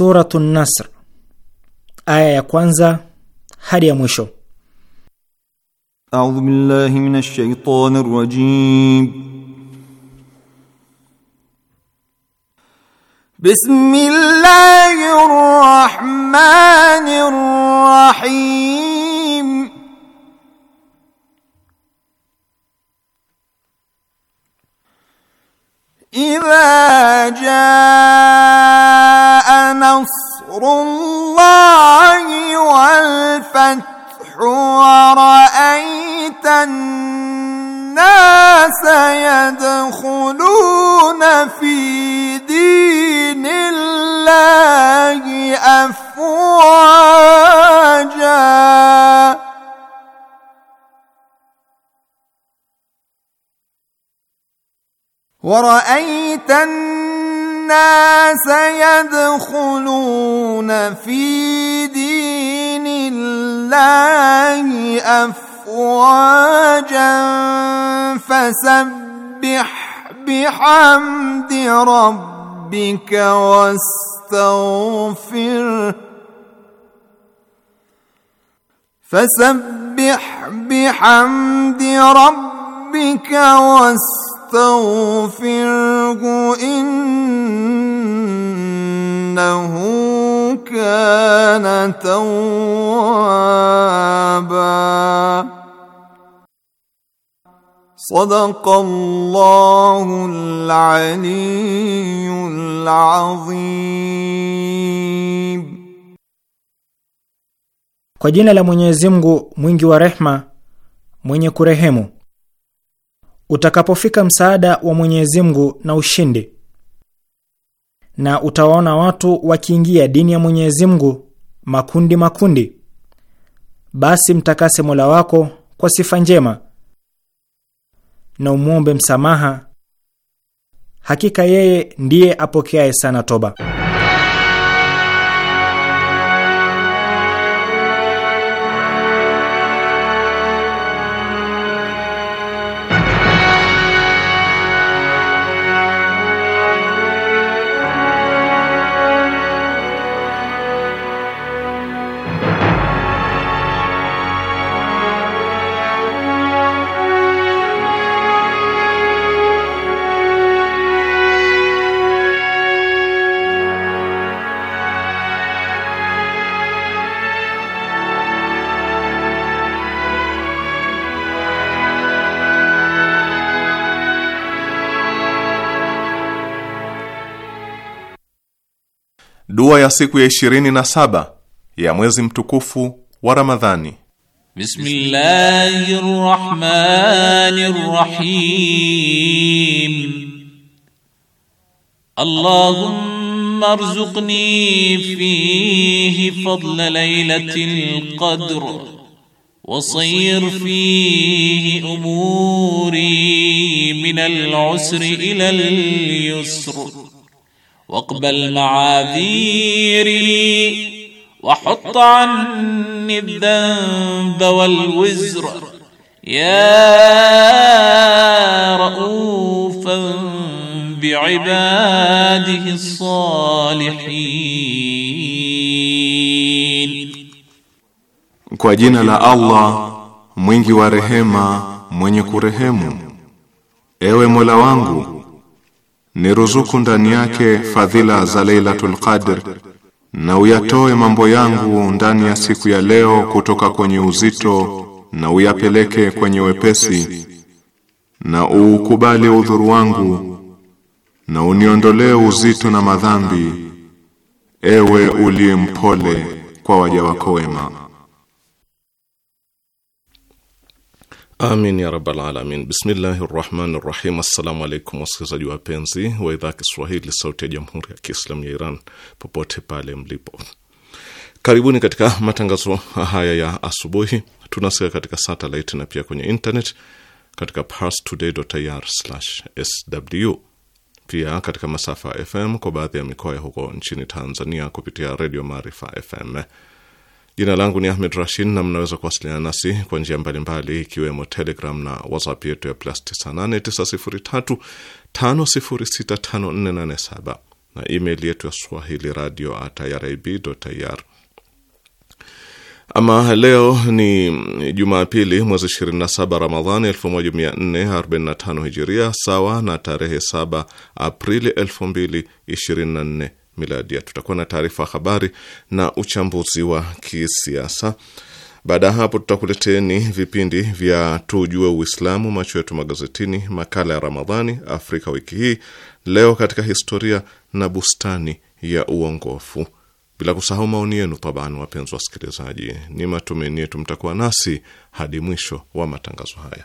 Suratu Nasr aya ya kwanza hadi ya mwisho. A'udhu billahi minash shaitanir rajim. Bismillahir rahmanir rahim. ورأيت الناس يدخلون في دين الله أفواجا فسبح بحمد ربك واستغفره فسبح بحمد ربك واستغفره فاستغفره انه كان توابا صدق الله العلي العظيم kwa jina la mwenyezi mungu mwingi wa rehma mwenye kurehemu utakapofika msaada wa Mwenyezi Mungu na ushindi, na utawaona watu wakiingia dini ya Mwenyezi Mungu makundi makundi, basi mtakase Mola wako kwa sifa njema na umwombe msamaha, hakika yeye ndiye apokeaye sana toba. Dua ya siku ya ishirini na saba ya mwezi mtukufu wa Ramadhani. Bismillahirrahmanirrahim. Allahumma arzuqni fihi fadla laylatil qadr wa sayr fihi umuri min al-usri ila al-yusr. واقبل معاذيري وحط عني الذنب والوزر يا رؤوفا بعباده الصالحين kwa jina la Allah mwingi wa rehema mwenye kurehemu ewe Mola wangu ni ruzuku ndani yake fadhila za Lailatul Qadr na uyatoe mambo yangu ndani ya siku ya leo kutoka kwenye uzito na uyapeleke kwenye wepesi na uukubali udhuru wangu na uniondolee uzito na madhambi ewe uliye mpole kwa waja wako wema Amin ya rabbal alamin. Bismillahi rahmani rahim. Assalamu alaikum wasikilizaji wapenzi wa idhaa Kiswahili sauti ya jamhuri ya Kiislamu ya Iran popote pale mlipo, karibuni katika matangazo haya ya asubuhi. Tunasikia katika satelit na pia kwenye internet katika parstoday.ir/sw, pia katika masafa FM kwa baadhi ya mikoa ya huko nchini Tanzania kupitia redio Maarifa FM. Jina langu ni Ahmed Rashid na mnaweza kuwasiliana nasi kwa njia mbalimbali ikiwemo Telegram na WhatsApp yetu ya plus 989035065487 na email yetu ya swahili radio at irib.ir. Ama leo ni Jumapili, mwezi 27 Ramadhani 1445 Hijiria, sawa na tarehe 7 Aprili 2024 miladia. Tutakuwa na taarifa habari na uchambuzi wa kisiasa. Baada ya hapo, tutakuleteni vipindi vya tujue Uislamu, macho yetu magazetini, makala ya Ramadhani, Afrika wiki hii, leo katika historia na bustani ya uongofu, bila kusahau maoni yenu tabani. Wapenzi wasikilizaji, ni matumaini yetu mtakuwa nasi hadi mwisho wa matangazo haya.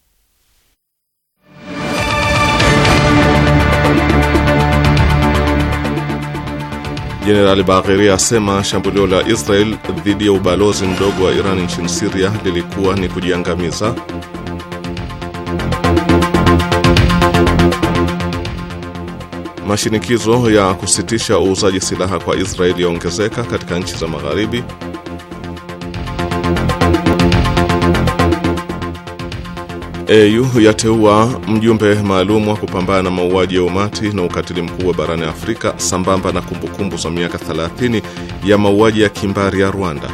Jenerali Bagheri asema shambulio la Israel dhidi ya ubalozi mdogo wa Iran nchini Siria lilikuwa ni kujiangamiza. Mashinikizo ya kusitisha uuzaji silaha kwa Israeli yaongezeka katika nchi za Magharibi. AU yateua mjumbe maalum wa kupambana na mauaji ya umati na ukatili mkubwa barani Afrika sambamba na kumbukumbu za miaka 30 ya mauaji ya kimbari ya Rwanda.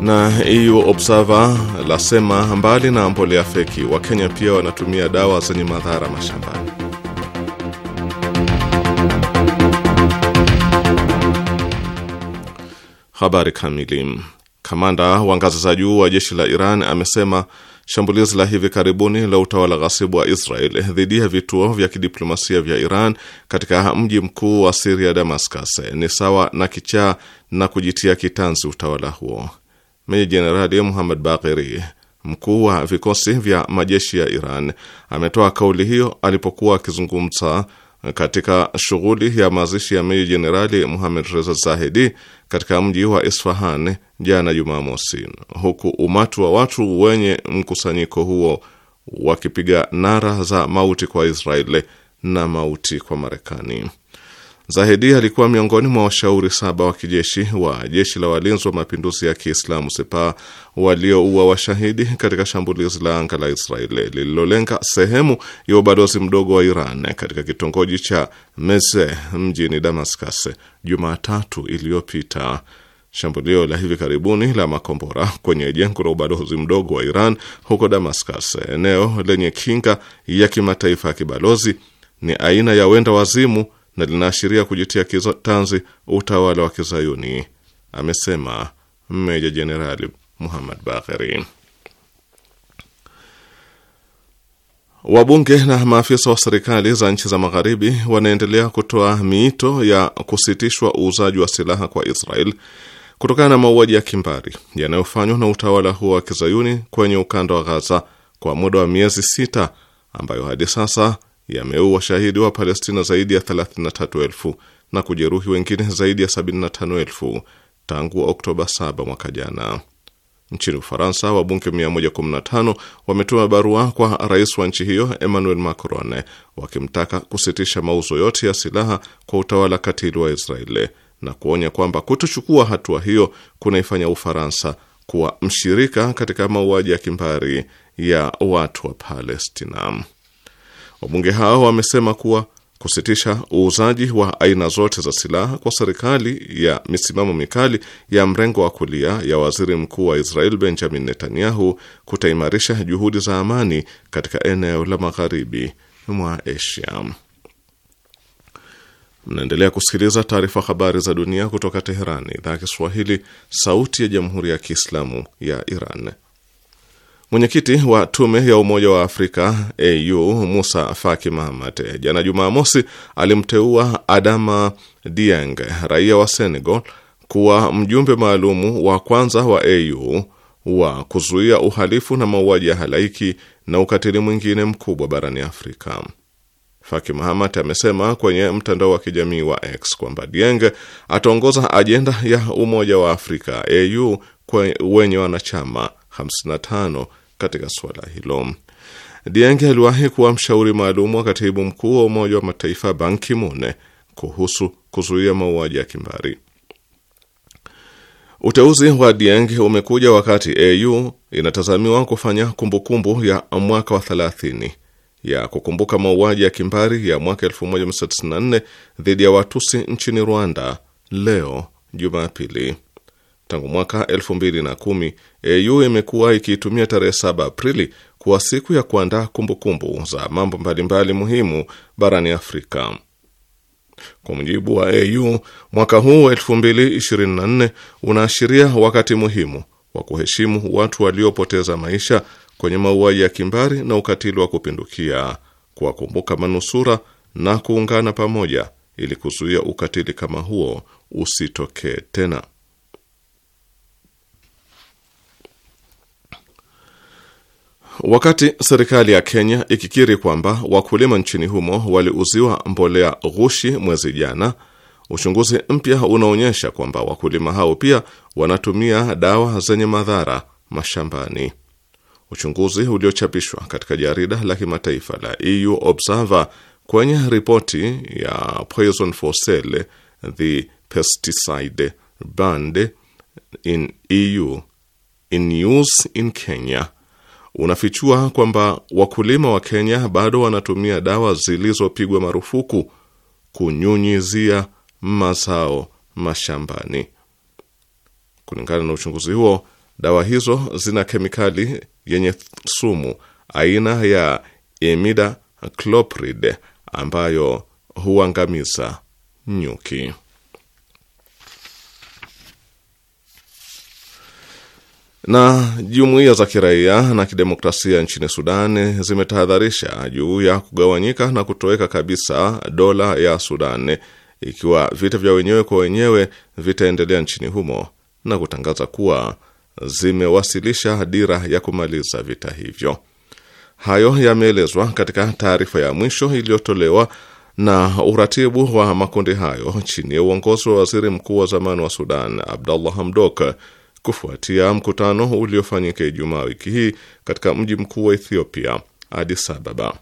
Na EU Observer lasema mbali na mbolea feki, Wakenya pia wanatumia dawa zenye madhara mashambani. Habari kamili Kamanda wa ngazi za juu wa jeshi la Iran amesema shambulizi la hivi karibuni la utawala ghasibu wa Israel dhidi ya vituo vya kidiplomasia vya Iran katika mji mkuu wa Siria, Damascus, ni sawa na kichaa na kujitia kitanzi utawala huo. Meja Jenerali Muhammad Bagheri, mkuu wa vikosi vya majeshi ya Iran, ametoa kauli hiyo alipokuwa akizungumza katika shughuli ya mazishi ya mei jenerali Muhamed Reza Zahidi katika mji wa Isfahan jana Jumamosi, huku umati wa watu wenye mkusanyiko huo wakipiga nara za mauti kwa Israeli na mauti kwa Marekani. Zahedi alikuwa miongoni mwa washauri saba wa kijeshi wa jeshi la walinzi wa mapinduzi ya Kiislamu Sepa walioua washahidi katika shambulizi la anga la Israeli lililolenga sehemu ya ubalozi mdogo wa Iran katika kitongoji cha Meze mjini Damascus Jumatatu iliyopita. Shambulio la hivi karibuni la makombora kwenye jengo la ubalozi mdogo wa Iran huko Damascus, eneo lenye kinga ya kimataifa ya kibalozi, ni aina ya wenda wazimu na linaashiria kujitia kitanzi utawala wa Kizayuni, amesema Meja Jenerali Muhammad Bagheri. Wabunge na maafisa wa serikali za nchi za magharibi wanaendelea kutoa miito ya kusitishwa uuzaji wa silaha kwa Israel kutokana na mauaji ya kimbari yanayofanywa na utawala huo wa Kizayuni kwenye ukanda wa Gaza kwa muda wa miezi sita ambayo hadi sasa yameua shahidi wa Palestina zaidi ya 33,000 na kujeruhi wengine zaidi ya 75,000 tangu Oktoba 7 mwaka jana. Nchini Ufaransa, wabunge 115 wametuma barua kwa rais wa nchi hiyo Emmanuel Macron wakimtaka kusitisha mauzo yote ya silaha kwa utawala katili wa Israeli na kuonya kwamba kutochukua hatua hiyo kunaifanya Ufaransa kuwa mshirika katika mauaji ya kimbari ya watu wa Palestina. Wabunge hao wamesema kuwa kusitisha uuzaji wa aina zote za silaha kwa serikali ya misimamo mikali ya mrengo wa kulia ya waziri mkuu wa Israel Benjamin Netanyahu kutaimarisha juhudi za amani katika eneo la magharibi mwa Asia. Mnaendelea kusikiliza taarifa habari za dunia kutoka Teherani, idhaa ya Kiswahili, sauti ya jamhuri ya kiislamu ya Iran. Mwenyekiti wa tume ya Umoja wa Afrika AU Musa Faki Mahamat jana Jumamosi alimteua Adama Dieng, raia wa Senegal, kuwa mjumbe maalumu wa kwanza wa AU wa kuzuia uhalifu na mauaji ya halaiki na ukatili mwingine mkubwa barani Afrika. Faki Mahamat amesema kwenye mtandao wa kijamii wa X kwamba Dieng ataongoza ajenda ya Umoja wa Afrika AU wenye wanachama 55 katika suala hilo. Dieng aliwahi kuwa mshauri maalum wa katibu mkuu wa Umoja wa Mataifa Ban Ki-moon kuhusu kuzuia mauaji ya kimbari. Uteuzi wa Dieng umekuja wakati AU inatazamiwa kufanya kumbukumbu kumbu ya mwaka wa 30 ya kukumbuka mauaji ya kimbari ya mwaka 1994 dhidi ya Watusi nchini Rwanda leo Jumapili. Tangu mwaka 2010 AU imekuwa ikiitumia tarehe 7 Aprili kuwa siku ya kuandaa kumbukumbu za mambo mbalimbali muhimu barani Afrika. Kwa mujibu wa AU, mwaka huu 2024 unaashiria wakati muhimu wa kuheshimu watu waliopoteza maisha kwenye mauaji ya kimbari na ukatili wa kupindukia, kuwakumbuka manusura na kuungana pamoja ili kuzuia ukatili kama huo usitokee tena. Wakati serikali ya Kenya ikikiri kwamba wakulima nchini humo waliuziwa mbolea ghushi mwezi jana, uchunguzi mpya unaonyesha kwamba wakulima hao pia wanatumia dawa zenye madhara mashambani. Uchunguzi uliochapishwa katika jarida la kimataifa la EU Observer kwenye ripoti ya Poison for Sale the Pesticide Banned in EU in Use in Kenya unafichua kwamba wakulima wa Kenya bado wanatumia dawa zilizopigwa marufuku kunyunyizia mazao mashambani. Kulingana na uchunguzi huo, dawa hizo zina kemikali yenye sumu aina ya imidacloprid ambayo huangamiza nyuki. Na jumuiya za kiraia na kidemokrasia nchini Sudan zimetahadharisha juu ya kugawanyika na kutoweka kabisa dola ya Sudan ikiwa vita vya wenyewe kwa wenyewe vitaendelea nchini humo na kutangaza kuwa zimewasilisha dira ya kumaliza vita hivyo. Hayo yameelezwa katika taarifa ya mwisho iliyotolewa na uratibu wa makundi hayo chini ya uongozi wa waziri mkuu wa zamani wa Sudan Abdallah Hamdok kufuatia mkutano uliofanyika Ijumaa wiki hii katika mji mkuu wa Ethiopia, Addis Ababa.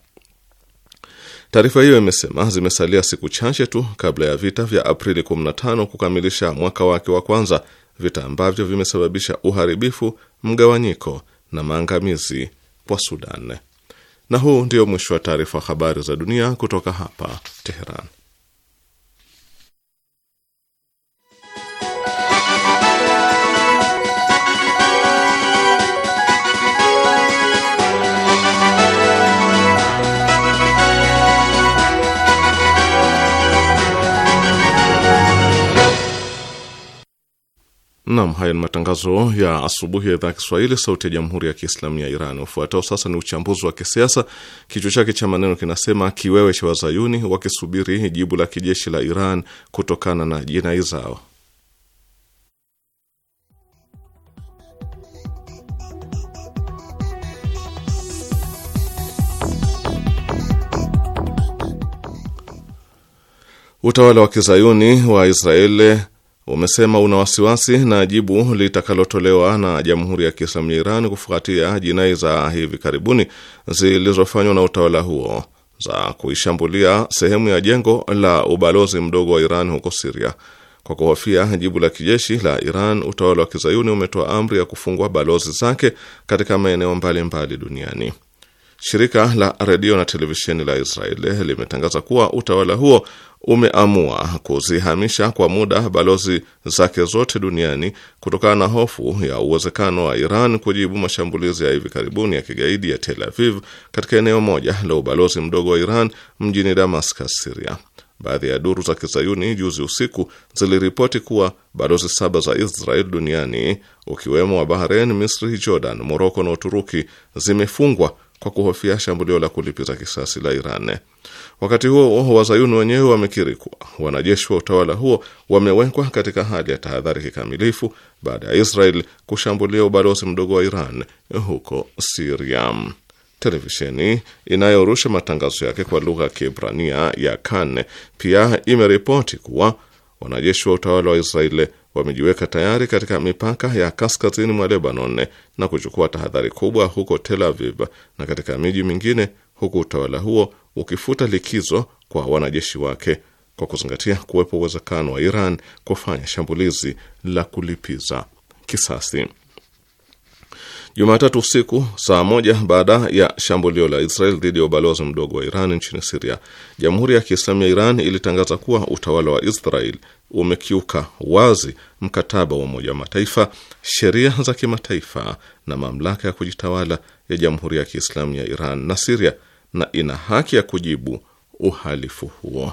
Taarifa hiyo imesema zimesalia siku chache tu kabla ya vita vya Aprili 15 kukamilisha mwaka wake wa kwanza, vita ambavyo vimesababisha uharibifu, mgawanyiko na maangamizi kwa Sudan. Na huu ndio mwisho wa taarifa habari za dunia kutoka hapa Teheran. Nam, haya ni matangazo ya asubuhi ya idhaa ya Kiswahili, sauti ya jamhuri ya kiislamu ya Iran. Ufuatao sasa ni uchambuzi wa kisiasa, kichwa chake cha maneno kinasema: kiwewe cha wazayuni wakisubiri jibu la kijeshi la Iran kutokana na jinai zao. Utawala wa kizayuni wa Israeli umesema una wasiwasi na jibu litakalotolewa na Jamhuri ya Kiislamu ya Iran kufuatia jinai za hivi karibuni zilizofanywa na utawala huo za kuishambulia sehemu ya jengo la ubalozi mdogo wa Iran huko Siria. Kwa kuhofia jibu la kijeshi la Iran, utawala wa kizayuni umetoa amri ya kufungwa balozi zake katika maeneo mbalimbali duniani. Shirika la redio na televisheni la Israeli limetangaza kuwa utawala huo umeamua kuzihamisha kwa muda balozi zake zote duniani kutokana na hofu ya uwezekano wa Iran kujibu mashambulizi ya hivi karibuni ya kigaidi ya Tel Aviv katika eneo moja la ubalozi mdogo wa Iran mjini Damascus, Siria. Baadhi ya duru za kizayuni juzi usiku ziliripoti kuwa balozi saba za Israel duniani ukiwemo wa Bahrain, Misri, Jordan, Moroko na Uturuki zimefungwa kwa kuhofia shambulio la kulipiza kisasi la Iran. Wakati huo oho, wazayuni wenyewe wamekiri kuwa wanajeshi wa utawala huo wamewekwa katika hali ya tahadhari kikamilifu baada ya Israel kushambulia ubalozi mdogo wa Iran huko Siria. Televisheni inayorusha matangazo yake kwa lugha ya Kiebrania ya Kan pia imeripoti kuwa wanajeshi wa utawala wa Israeli wamejiweka tayari katika mipaka ya kaskazini mwa Lebanon na kuchukua tahadhari kubwa huko Tel Aviv na katika miji mingine, huku utawala huo ukifuta likizo kwa wanajeshi wake kwa kuzingatia kuwepo uwezekano wa Iran kufanya shambulizi la kulipiza kisasi. Jumatatu usiku saa moja baada ya shambulio la Israel dhidi ya ubalozi mdogo wa Iran nchini Siria, Jamhuri ya Kiislamu ya Iran ilitangaza kuwa utawala wa Israel umekiuka wazi mkataba wa Umoja wa Mataifa, sheria za kimataifa na mamlaka ya kujitawala ya Jamhuri ya Kiislamu ya Iran na Siria, na ina haki ya kujibu uhalifu huo.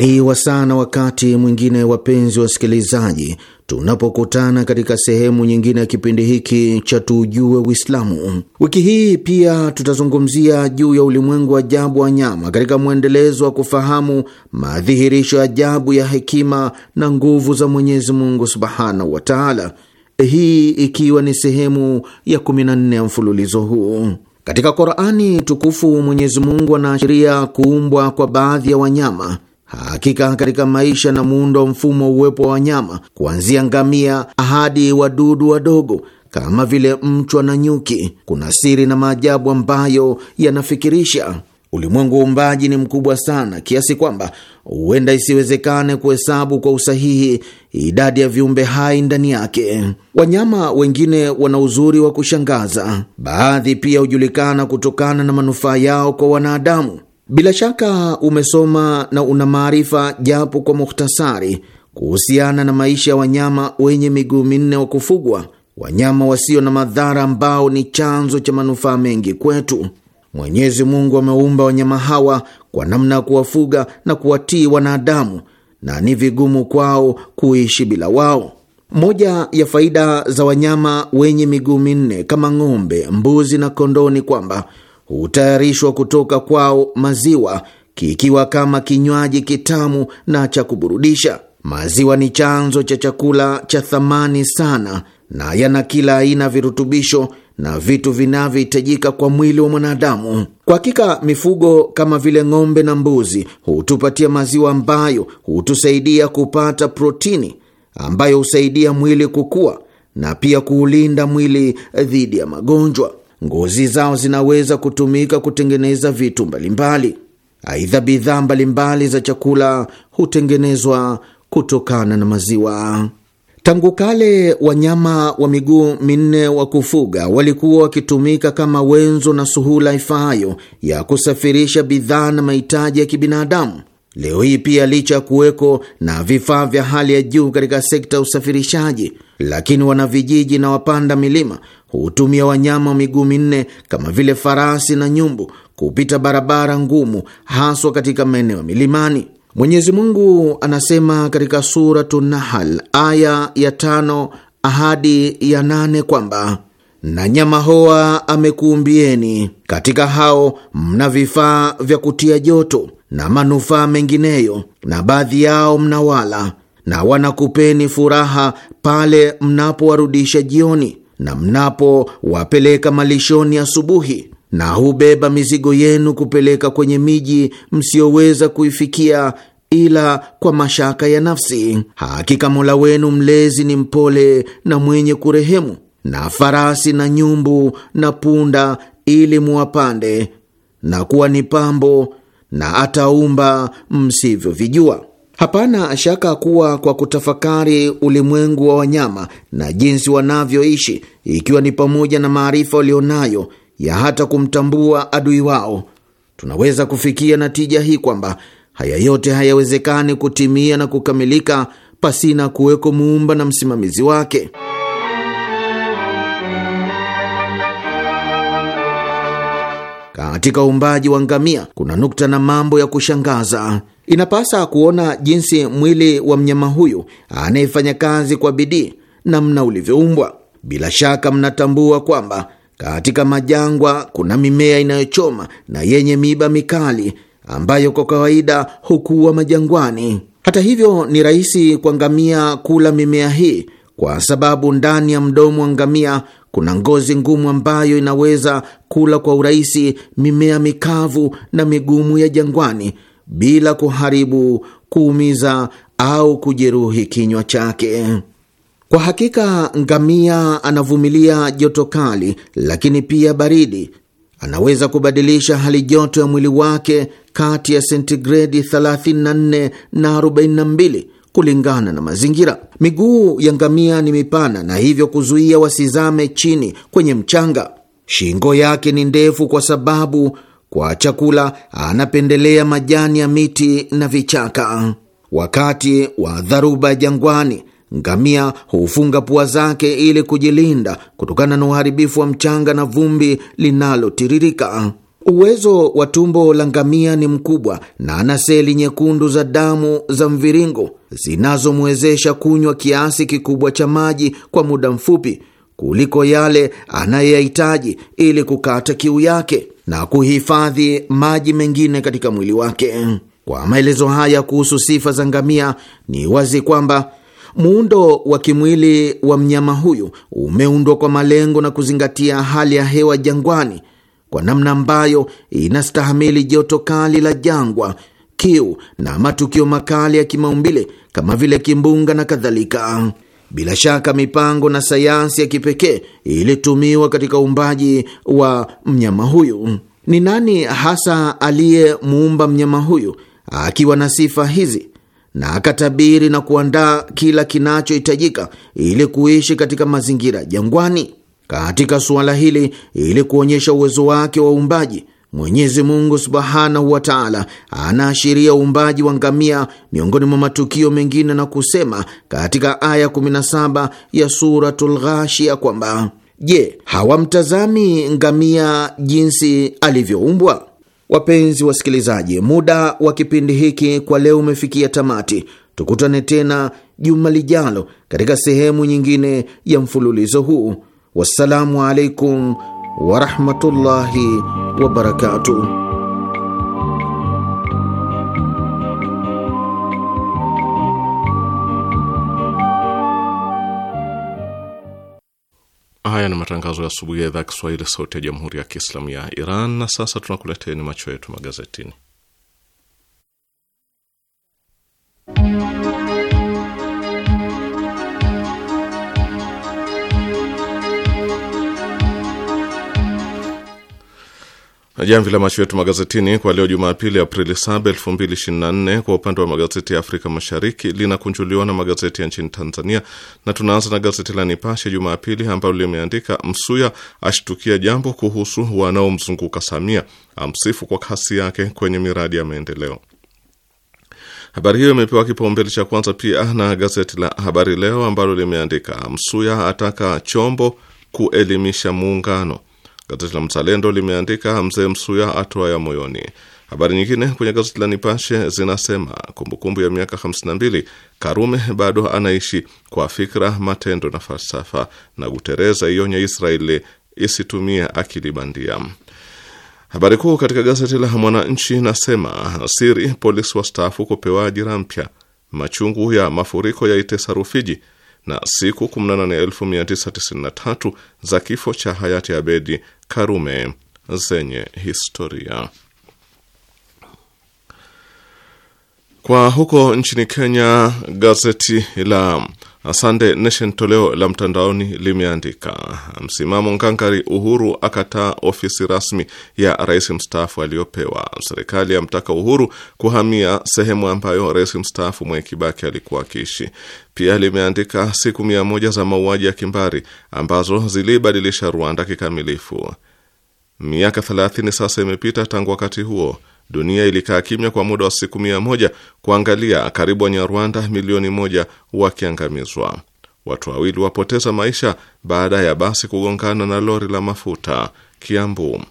ni wasana wakati mwingine, wapenzi wasikilizaji, tunapokutana katika sehemu nyingine ya kipindi hiki cha Tujue Uislamu. Wiki hii pia tutazungumzia juu ya ulimwengu ajabu wa nyama katika mwendelezo wa kufahamu madhihirisho ajabu ya hekima na nguvu za Mwenyezi Mungu subhanahu wa taala, hii ikiwa ni sehemu ya 14 ya mfululizo huu. Katika Korani tukufu Mwenyezi Mungu anaashiria kuumbwa kwa baadhi ya wanyama Hakika katika maisha na muundo wa mfumo wa uwepo wa wanyama, kuanzia ngamia hadi wadudu wadogo kama vile mchwa na nyuki, kuna siri na maajabu ambayo yanafikirisha. Ulimwengu wa umbaji ni mkubwa sana kiasi kwamba huenda isiwezekane kuhesabu kwa usahihi idadi ya viumbe hai ndani yake. Wanyama wengine wana uzuri wa kushangaza. Baadhi pia hujulikana kutokana na manufaa yao kwa wanadamu. Bila shaka umesoma na una maarifa japo kwa muhtasari kuhusiana na maisha ya wanyama wenye miguu minne wa kufugwa, wanyama wasio na madhara ambao ni chanzo cha manufaa mengi kwetu. Mwenyezi Mungu ameumba wanyama hawa kwa namna ya kuwafuga na kuwatii wanadamu, na ni vigumu kwao kuishi bila wao. Moja ya faida za wanyama wenye miguu minne kama ng'ombe, mbuzi na kondoo ni kwamba hutayarishwa kutoka kwao maziwa, kikiwa kama kinywaji kitamu na cha kuburudisha. Maziwa ni chanzo cha chakula cha thamani sana, na yana kila aina virutubisho na vitu vinavyohitajika kwa mwili wa mwanadamu. Kwa hakika, mifugo kama vile ng'ombe na mbuzi hutupatia maziwa ambayo hutusaidia kupata protini ambayo husaidia mwili kukua na pia kuulinda mwili dhidi ya magonjwa. Ngozi zao zinaweza kutumika kutengeneza vitu mbalimbali. Aidha, bidhaa mbalimbali za chakula hutengenezwa kutokana na maziwa. Tangu kale wanyama wa miguu minne wa kufuga walikuwa wakitumika kama wenzo na suhula ifaayo ya kusafirisha bidhaa na mahitaji ya kibinadamu. Leo hii pia, licha ya kuweko na vifaa vya hali ya juu katika sekta ya usafirishaji, lakini wanavijiji na wapanda milima hutumia wanyama wa miguu minne kama vile farasi na nyumbu kupita barabara ngumu, haswa katika maeneo ya milimani. Mwenyezi Mungu anasema katika Suratu Nahal aya ya tano ahadi ya nane kwamba na nyama hoa amekuumbieni, katika hao mna vifaa vya kutia joto na manufaa mengineyo, na baadhi yao mnawala na wanakupeni furaha pale mnapowarudisha jioni na mnapowapeleka malishoni asubuhi, na hubeba mizigo yenu kupeleka kwenye miji msiyoweza kuifikia ila kwa mashaka ya nafsi. Hakika Mola wenu mlezi ni mpole na mwenye kurehemu. Na farasi na nyumbu na punda ili muwapande, na kuwa ni pambo na ataumba msivyovijua. Hapana shaka kuwa kwa kutafakari ulimwengu wa wanyama na jinsi wanavyoishi, ikiwa ni pamoja na maarifa walionayo ya hata kumtambua adui wao, tunaweza kufikia natija hii kwamba haya yote hayawezekani kutimia na kukamilika pasina kuweko muumba na msimamizi wake. Katika uumbaji wa ngamia kuna nukta na mambo ya kushangaza. Inapasa kuona jinsi mwili wa mnyama huyu anayefanya kazi kwa bidii, namna ulivyoumbwa. Bila shaka mnatambua kwamba katika majangwa kuna mimea inayochoma na yenye miiba mikali ambayo kwa kawaida hukuwa majangwani. Hata hivyo, ni rahisi kwa ngamia kula mimea hii kwa sababu ndani ya mdomo wa ngamia kuna ngozi ngumu ambayo inaweza kula kwa urahisi mimea mikavu na migumu ya jangwani bila kuharibu, kuumiza au kujeruhi kinywa chake. Kwa hakika ngamia anavumilia joto kali, lakini pia baridi. Anaweza kubadilisha hali joto ya mwili wake kati ya sentigredi 34 na 42 kulingana na mazingira. Miguu ya ngamia ni mipana na hivyo kuzuia wasizame chini kwenye mchanga. Shingo yake ni ndefu kwa sababu kwa chakula anapendelea majani ya miti na vichaka. Wakati wa dharuba ya jangwani, ngamia hufunga pua zake ili kujilinda kutokana na uharibifu wa mchanga na vumbi linalotiririka. Uwezo wa tumbo la ngamia ni mkubwa na ana seli nyekundu za damu za mviringo zinazomwezesha kunywa kiasi kikubwa cha maji kwa muda mfupi kuliko yale anayeyahitaji ili kukata kiu yake na kuhifadhi maji mengine katika mwili wake. Kwa maelezo haya kuhusu sifa za ngamia, ni wazi kwamba muundo wa kimwili wa mnyama huyu umeundwa kwa malengo na kuzingatia hali ya hewa jangwani kwa namna ambayo inastahamili joto kali la jangwa, kiu na matukio makali ya kimaumbile kama vile kimbunga na kadhalika. Bila shaka mipango na sayansi ya kipekee ilitumiwa katika uumbaji wa mnyama huyu. Ni nani hasa aliyemuumba mnyama huyu akiwa na sifa hizi na akatabiri na kuandaa kila kinachohitajika ili kuishi katika mazingira jangwani? Katika suala hili, ili kuonyesha uwezo wake wa uumbaji, Mwenyezi Mungu subhanahu wa taala anaashiria uumbaji wa ngamia miongoni mwa matukio mengine na kusema katika aya 17 ya Suratul Ghashia kwamba Je, hawamtazami ngamia jinsi alivyoumbwa? Wapenzi wasikilizaji, muda wa kipindi hiki kwa leo umefikia tamati. Tukutane tena juma lijalo katika sehemu nyingine ya mfululizo huu. Wassalamu alaikum warahmatullahi wabarakatuh. Haya ni matangazo ya asubuhi ya idhaa Kiswahili, sauti ya jamhuri ya kiislamu ya Iran. Na sasa tunakuleteni macho yetu magazetini. Na jamvi la macho yetu magazetini kwa leo Jumapili, Aprili 7, 2024 kwa upande wa magazeti ya Afrika Mashariki linakunjuliwa na magazeti ya nchini Tanzania, na tunaanza na gazeti la Nipashe Jumapili ambalo limeandika Msuya ashtukia jambo kuhusu wanaomzunguka Samia, amsifu kwa kasi yake kwenye miradi ya maendeleo. Habari hiyo imepewa kipaumbele cha kwanza pia na gazeti la Habari Leo ambalo limeandika Msuya ataka chombo kuelimisha muungano Gazeti la Mzalendo limeandika mzee Msuya atoa ya moyoni. Habari nyingine kwenye gazeti la Nipashe zinasema kumbukumbu kumbu ya miaka 52 Karume bado anaishi kwa fikra, matendo na falsafa, na Gutereza ionya Israeli isitumie akili bandia. Habari kuu katika gazeti la Mwananchi nasema siri polisi wastaafu kupewa ajira mpya, machungu ya mafuriko itesa Rufiji, na siku 18993 za kifo cha hayati Abedi Karume zenye historia. Kwa huko nchini Kenya, gazeti la Sunday Nation toleo la mtandaoni limeandika msimamo ngangari, Uhuru akataa ofisi rasmi ya rais mstaafu aliyopewa. Serikali yamtaka Uhuru kuhamia sehemu ambayo rais mstaafu Mwai Kibaki alikuwa akiishi. Pia limeandika siku mia moja za mauaji ya kimbari ambazo ziliibadilisha Rwanda kikamilifu. Miaka 30 sasa imepita tangu wakati huo dunia ilikaa kimya kwa muda wa siku mia moja kuangalia karibu Wanyarwanda milioni moja wakiangamizwa. Watu wawili wapoteza maisha baada ya basi kugongana na lori la mafuta Kiambu.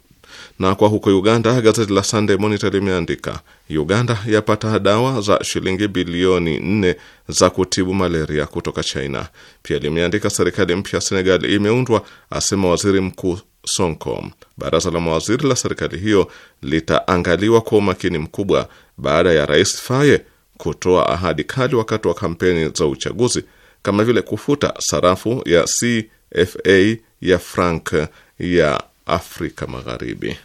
Na kwa huko Uganda, gazeti la Sunday Monitor limeandika Uganda yapata dawa za shilingi bilioni nne za kutibu malaria kutoka China. Pia limeandika serikali mpya Senegal imeundwa, asema waziri mkuu Sonko. Baraza la mawaziri la serikali hiyo litaangaliwa kwa umakini mkubwa baada ya Rais Faye kutoa ahadi kali wakati wa kampeni za uchaguzi kama vile kufuta sarafu ya CFA ya franc ya Afrika Magharibi.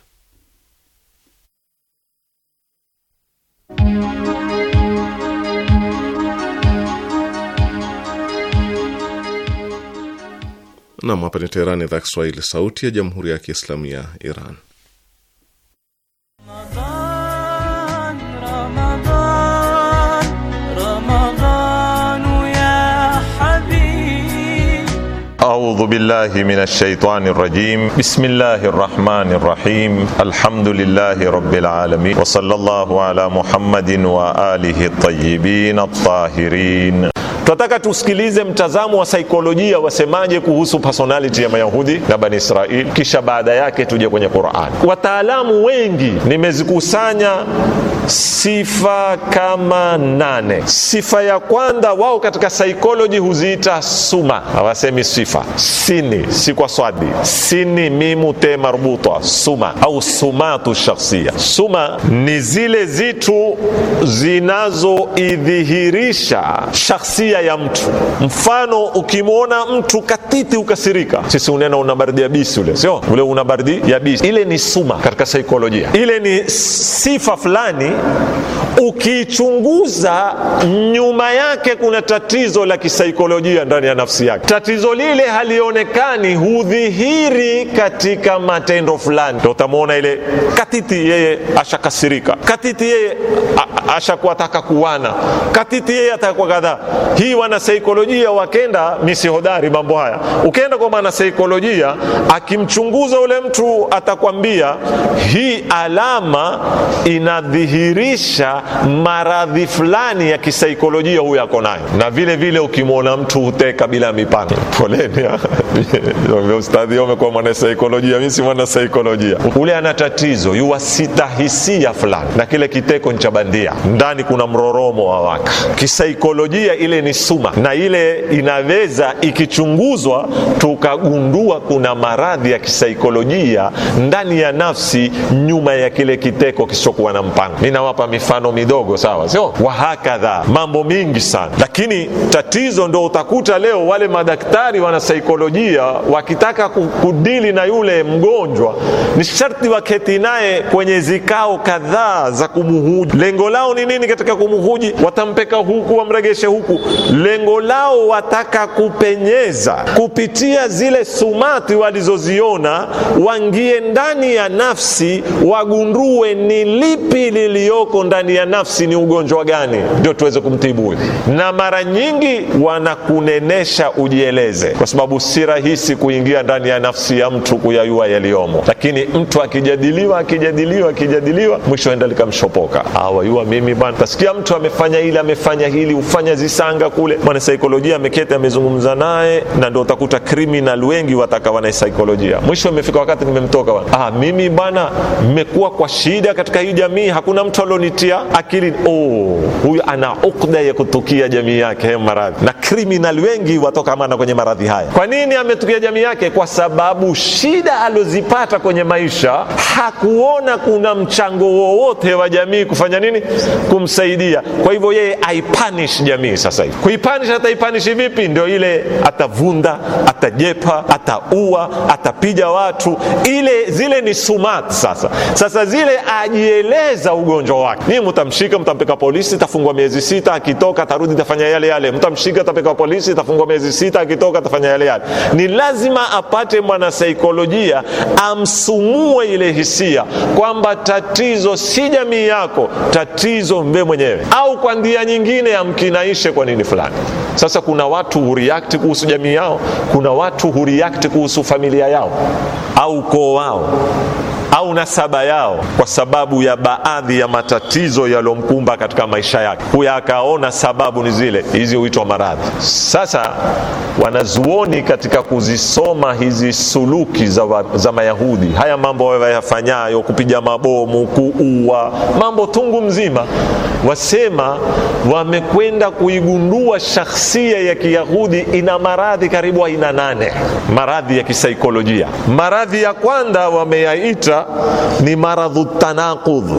Nam, hapa ni Teherani, idhaa Kiswahili, sauti ya jamhuri ya kiislamu ya Iran. Audhu billahi minash shaitani rajim. Bismillahi rahmani rahim. Alhamdulillahi rabbil alamin. Wa sallallahu ala Muhammadin wa alihi tayyibin at-tahirin. Tunataka tusikilize mtazamo wa saikolojia wasemaje kuhusu personality ya Mayahudi na Bani israel kisha baada yake tuje kwenye Qur'an. Wataalamu wengi nimezikusanya sifa kama nane. Sifa ya kwanza wao katika psychology huziita suma, hawasemi sifa. Sini si kwa swadi, sini mimu te marbutwa, suma au sumatu shakhsia. Suma ni zile zitu zinazoidhihirisha shakhsia ya mtu. Mfano, ukimwona mtu katiti ukasirika, sisi unena una baridi ya bisi, ule sio ule una baridi ya bisi, ile ni suma katika saikolojia, ile ni sifa fulani ukiichunguza nyuma yake kuna tatizo la kisaikolojia ndani ya nafsi yake. Tatizo lile halionekani, hudhihiri katika matendo fulani. Ndio utamwona ile katiti, yeye ashakasirika, katiti yeye ashakuataka kuwana, katiti yeye atakuwa kadhaa. Hii wanasaikolojia wakenda misihodari mambo haya. Ukienda kwa mwanasaikolojia akimchunguza ule mtu atakwambia hii alama inadhihiri kudhihirisha maradhi fulani ya kisaikolojia huyo ako nayo. Na vile vile ukimwona mtu huteka bila mipaka, poleni ah. ustadhi, umekuwa saikolojia, mimi si saikolojia. Ule ana tatizo yuwasita hisia fulani, na kile kiteko ni cha bandia, ndani kuna mroromo wa waka. Kisaikolojia ile ni suma, na ile inaweza ikichunguzwa tukagundua kuna maradhi ya kisaikolojia ndani ya nafsi, nyuma ya kile kiteko kisichokuwa na mpango nawapa mifano midogo, sawa sio? Wahakadha, mambo mingi sana, lakini tatizo ndo utakuta leo wale madaktari wana saikolojia, wakitaka kudili na yule mgonjwa ni sharti waketi naye kwenye zikao kadhaa za kumuhuji. Lengo lao ni nini katika kumuhuji? Watampeka huku, wamregeshe huku, lengo lao wataka kupenyeza kupitia zile sumati walizoziona, wangie ndani ya nafsi, wagundue ni lipi lili iliyoko ndani ya nafsi ni ugonjwa gani, ndio tuweze kumtibu. Na mara nyingi wanakunenesha ujieleze, kwa sababu si rahisi kuingia ndani ya nafsi ya mtu kuyayua yaliyomo. Lakini mtu akijadiliwa akijadiliwa akijadiliwa, mwisho enda likamshopoka, awayua mimi bwana, tasikia mtu amefanya hili amefanya hili, hufanya zisanga kule. saikolojia ameketi amezungumza naye, na ndo utakuta criminal wengi wataka wana saikolojia. Mwisho imefika wakati nimemtoka bwana, ah, mimi bwana, mmekuwa kwa shida katika hii jamii, hakuna mtu mtu alionitia akili, oh, huyu ana ukda ya kutukia jamii yake hayo maradhi, na criminal wengi watokamana kwenye maradhi haya. Kwa nini ametukia jamii yake? Kwa sababu shida aliozipata kwenye maisha hakuona kuna mchango wowote wa jamii kufanya nini, kumsaidia. Kwa hivyo yeye aipanish jamii. Sasa hivi kuipanish, ataipanish vipi? Ndio ile atavunda, atajepa, ataua, atapija watu, ile zile ni sumat. Sasa sasa zile ajieleza ugo ugonjwa wake nii mtamshika mtampeka polisi tafungwa miezi sita akitoka tarudi tafanya yale yale mtamshika tapeka polisi tafungwa miezi sita akitoka tafanya yale yale ni lazima apate mwanasaikolojia amsumue ile hisia kwamba tatizo si jamii yako tatizo mbe mwenyewe au kwa ndia nyingine amkinaishe kwa nini fulani sasa kuna watu hureact kuhusu jamii yao kuna watu hureact kuhusu familia yao au koo wao au nasaba yao, kwa sababu ya baadhi ya matatizo yaliyomkumba katika maisha yake, huyo akaona sababu ni zile hizi, huitwa maradhi. Sasa wanazuoni katika kuzisoma hizi suluki za, wa, za Mayahudi, haya mambo wayafanyayo, kupiga mabomu, kuua, mambo tungu mzima, wasema wamekwenda kuigundua shakhsia ya Kiyahudi ina maradhi karibu aina nane, maradhi ya kisaikolojia. Maradhi ya kwanza wameyaita ni maradhu tanaqudh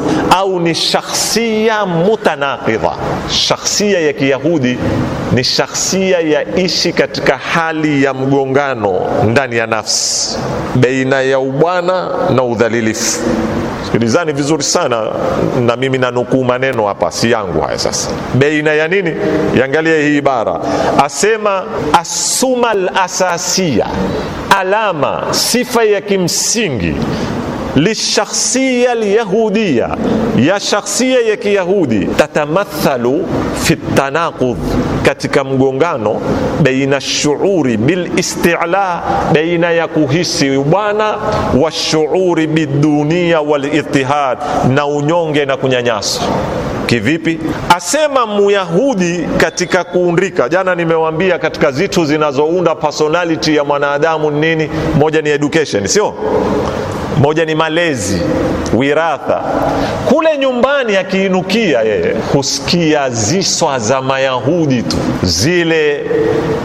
au ni shakhsia mutanaqidha. Shakhsia ya Kiyahudi ni shakhsia ya ishi katika hali ya mgongano ndani ya nafsi baina ya ubwana na udhalilifu. Sikilizani vizuri sana na mimi nanukuu maneno hapa, si yangu haya. Sasa baina ya nini? Yangalia hii ibara, asema asuma lasasia asasiya, alama sifa ya kimsingi lishakhsia lyahudia ya shakhsia ya Kiyahudi, tatamathalu fi tanaqudh, katika mgongano baina shuuri bilistila istila, baina ya kuhisi ubwana wa shuuri bidunia walitihad na unyonge na kunyanyasa Kivipi? Asema Myahudi katika kuundika. Jana nimewambia katika zitu zinazounda personality ya mwanadamu nini, moja ni education, sio? moja ni malezi, wiratha. Kule nyumbani akiinukia yeye husikia ziswa za Mayahudi tu, zile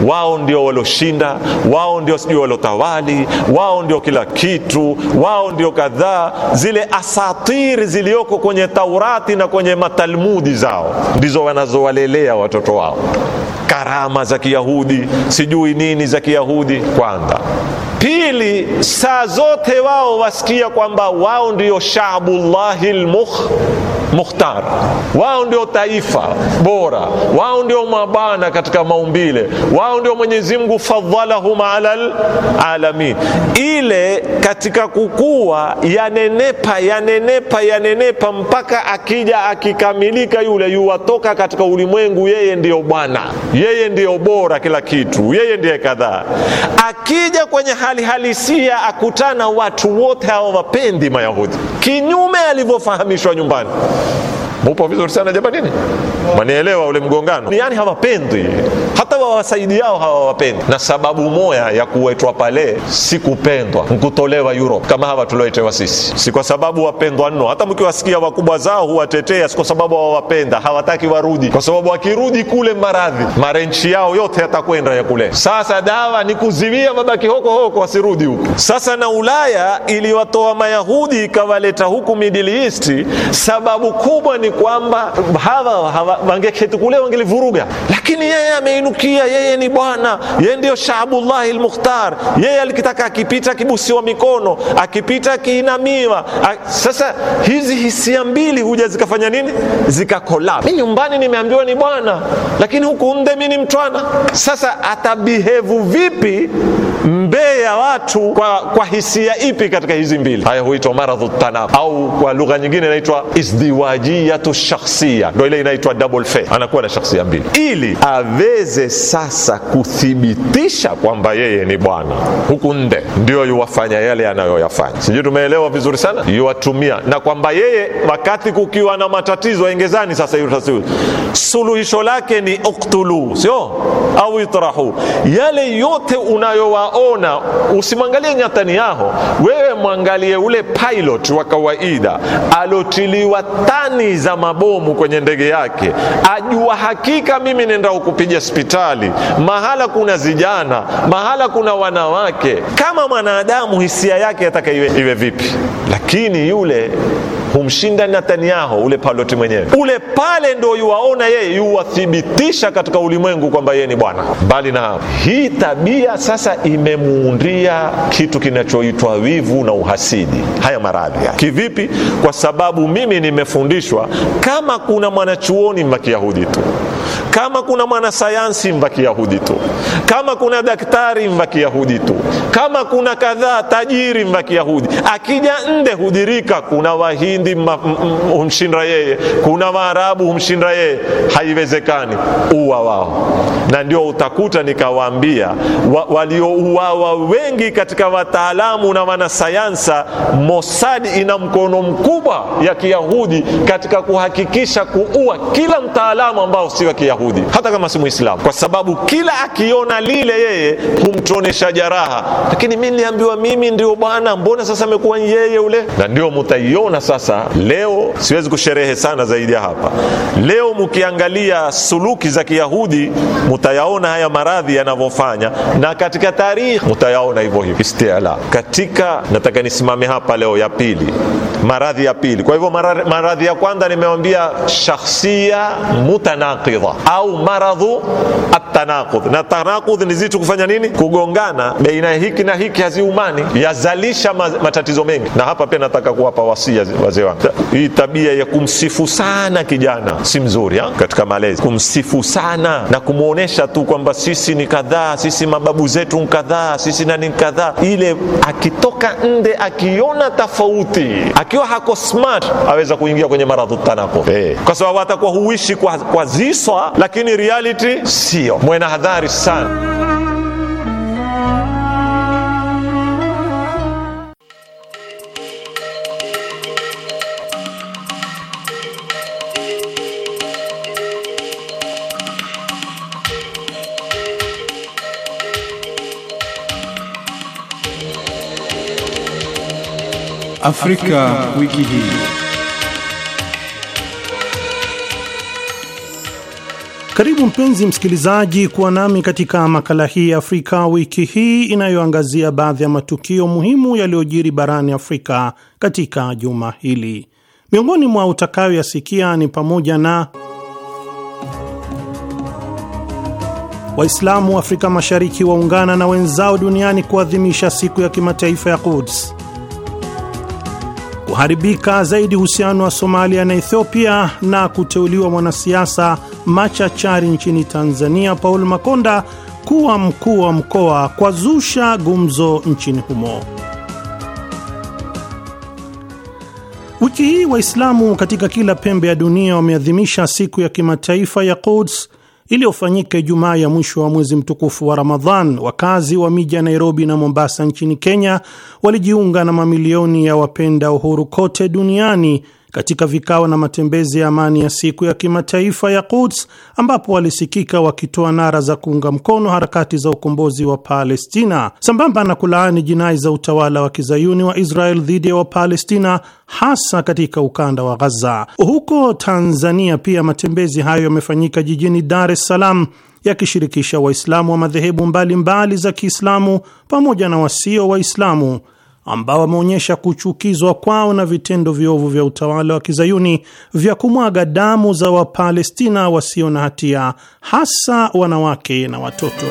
wao ndio waloshinda, wao ndio sijui walotawali, wao ndio kila kitu, wao ndio kadhaa. Zile asatiri zilioko kwenye Taurati na kwenye matalmudi zao ndizo wanazowalelea watoto wao, karama za Kiyahudi, sijui nini za Kiyahudi. Kwanza Pili, saa zote wao wasikia kwamba wao ndio shaabullahi lmukh mukhtar wao ndio taifa bora, wao ndio mabana katika maumbile, wao ndio Mwenyezi Mungu fadhalahum ala alamin. Ile katika kukua yanenepa yanenepa yanenepa, mpaka akija akikamilika yule, yuwatoka katika ulimwengu, yeye ndiyo bwana, yeye ndiyo bora, kila kitu yeye ndiye kadhaa. Akija kwenye hali hali halisia akutana watu wote hawa wapendi Mayahudi, kinyume alivyofahamishwa nyumbani. Mupo vizuri sana jamanini, manielewa ule mgongano, yani hawapendi hawa wasaidiao hawa wapendi, na sababu moya ya kuwetwa pale si kupendwa, mkutolewa Europe kama hawa tulioitewa sisi, si kwa sababu wapendwa nno. Hata mkiwasikia wakubwa zao huwatetea, si kwa sababu hawawapenda, hawataki warudi, kwa sababu wakirudi kule maradhi marenchi yao yote yatakwenda ya kule. Sasa dawa ni kuziwia mabaki hokohoko wasirudi huku. Sasa na Ulaya iliwatoa Mayahudi ikawaleta huku Middle East, sababu kubwa ni kwamba hawa, hawa wangeketi kule wangelivuruga, lakini yeye ameinukia pia yeye ni bwana, yeye ndio Shaabullahi Lmukhtar. Yeye alikitaka akipita akibusiwa mikono, akipita akiinamiwa. Sasa hizi hisia mbili huja zikafanya nini, Zikakola. Mi nyumbani nimeambiwa ni bwana, lakini huku mde mi ni mtwana. Sasa atabihevu vipi Mbeya watu kwa, kwa hisia ipi katika hizi mbili? Haya huitwa maradhu tanaq, au kwa lugha nyingine inaitwa izdiwajiyatu shakhsia, ndo ile inaitwa double fe, anakuwa na shakhsia mbili, ili aweze sasa kuthibitisha kwamba yeye ni bwana huku nde, ndio yuwafanya yale anayoyafanya. Sijui tumeelewa vizuri sana, yuwatumia na kwamba yeye wakati kukiwa na matatizo engezani, sasa hiyo suluhisho lake ni uktulu, sio au itrahu, yale yote unayowa ona usimwangalie nyatani wewe mwangalie ule pilot wa kawaida alotiliwa tani za mabomu kwenye ndege yake, ajua hakika mimi nenda kupiga hospitali mahala kuna zijana, mahala kuna wanawake. Kama mwanadamu hisia yake yataka iwe, iwe vipi? Lakini yule humshinda Netanyahu ule paloti mwenyewe ule pale, ndo yuwaona yeye, yuwathibitisha katika ulimwengu kwamba yeye ni bwana. Mbali na hii tabia sasa imemuundia kitu kinachoitwa wivu na uhasidi, haya maradhi haya. Kivipi? Kwa sababu mimi nimefundishwa kama kuna mwanachuoni Mkiyahudi tu kama kuna mwanasayansi mva Kiyahudi tu, kama kuna daktari mva Kiyahudi tu, kama kuna kadhaa tajiri mbaki Yahudi, akija nde hudirika, kuna Wahindi humshinda yeye, kuna Waarabu humshinda yeye, haiwezekani. Uwa wao, na ndio utakuta nikawaambia, wa, waliouawa wengi katika wataalamu na wanasayansa, Mossad ina mkono mkubwa ya Kiyahudi katika kuhakikisha kuua kila mtaalamu ambao si wa Kiyahudi, hata kama si Muislamu, kwa sababu kila akiona lile yeye humtonesha jaraha lakini mi niliambiwa mimi ndio bwana, mbona sasa amekuwa yeye ule? Na ndio mutaiona sasa. Leo siwezi kusherehe sana zaidi ya hapa. Leo mukiangalia suluki za Kiyahudi mutayaona haya maradhi yanavyofanya, na katika tarikhi mutayaona hivyo hivyo. Istiala katika, nataka nisimame hapa leo ya pili maradhi ya pili. Kwa hivyo maradhi ya kwanza nimeambia shakhsia mutanaqidha au maradhu atanaqudh, na tanaqudh ni zitu kufanya nini? Kugongana baina hiki na hiki, haziumani, yazalisha matatizo mengi. Na hapa pia nataka kuwapa wasia wazee wangu, hii tabia ya kumsifu sana kijana si mzuri ha? katika malezi kumsifu sana na kumwonyesha tu kwamba sisi ni kadhaa, sisi mababu zetu ni kadhaa, sisi nani kadhaa, ile akitoka nde akiona tofauti akiwa hako smart aweza kuingia kwenye maradhi tanako hey. Eh. kwa sababu atakuwa huishi kwa, kwa ziswa, lakini reality sio. Mwenahadhari sana. Afrika, wiki hii. Karibu mpenzi msikilizaji kuwa nami katika makala hii ya Afrika wiki hii inayoangazia baadhi ya matukio muhimu yaliyojiri barani Afrika katika juma hili. Miongoni mwa utakayoyasikia ni pamoja na Waislamu Afrika Mashariki waungana na wenzao duniani kuadhimisha siku ya kimataifa ya Quds kuharibika zaidi uhusiano wa Somalia na Ethiopia na kuteuliwa mwanasiasa machachari nchini Tanzania Paul Makonda kuwa mkuu wa mkoa kwa zusha gumzo nchini humo. Wiki hii Waislamu katika kila pembe ya dunia wameadhimisha siku ya kimataifa ya Quds iliyofanyika Ijumaa ya mwisho wa mwezi mtukufu wa Ramadhan, wakazi wa miji ya Nairobi na Mombasa nchini Kenya walijiunga na mamilioni ya wapenda uhuru kote duniani katika vikao na matembezi ya amani ya siku ya kimataifa ya Quds ambapo walisikika wakitoa nara za kuunga mkono harakati za ukombozi wa Palestina sambamba na kulaani jinai za utawala wa kizayuni wa Israel dhidi ya Wapalestina hasa katika ukanda wa Gaza. Huko Tanzania pia matembezi hayo yamefanyika jijini Dar es Salaam yakishirikisha Waislamu wa madhehebu mbalimbali za Kiislamu pamoja na wasio Waislamu ambao wameonyesha kuchukizwa kwao na vitendo viovu vya utawala wa kizayuni vya kumwaga damu za Wapalestina wasio na hatia, hasa wanawake na watoto.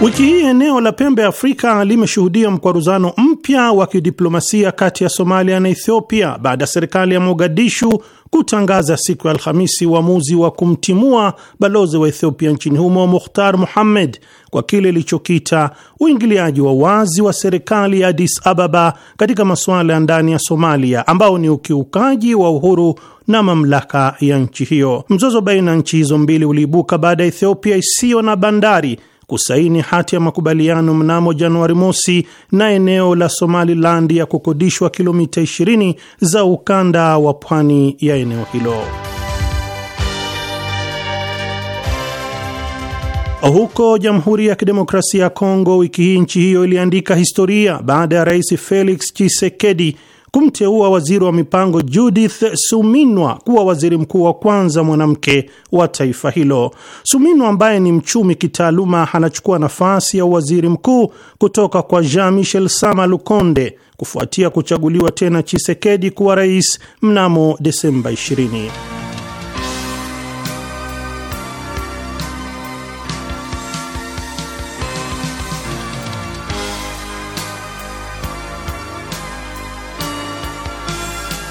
Wiki hii eneo la pembe Afrika limeshuhudia mkwaruzano mpya wa kidiplomasia kati ya Somalia na Ethiopia baada ya serikali ya Mogadishu kutangaza siku ya Alhamisi uamuzi wa kumtimua balozi wa Ethiopia nchini humo Mukhtar Muhammed kwa kile ilichokita uingiliaji wa wazi wa serikali ya Addis Ababa katika masuala ya ndani ya Somalia ambao ni ukiukaji wa uhuru na mamlaka ya nchi hiyo. Mzozo baina ya nchi hizo mbili uliibuka baada ya Ethiopia isiyo na bandari kusaini hati ya makubaliano mnamo Januari mosi na eneo la Somaliland ya kukodishwa kilomita 20 za ukanda wa pwani ya eneo hilo. Huko Jamhuri ya Kidemokrasia ya Kongo, wiki hii nchi hiyo iliandika historia baada ya Rais Felix Tshisekedi kumteua waziri wa mipango Judith Suminwa kuwa waziri mkuu wa kwanza mwanamke wa taifa hilo. Suminwa ambaye ni mchumi kitaaluma, anachukua nafasi ya waziri mkuu kutoka kwa Jean Michel Sama Lukonde kufuatia kuchaguliwa tena Chisekedi kuwa rais mnamo Desemba 20.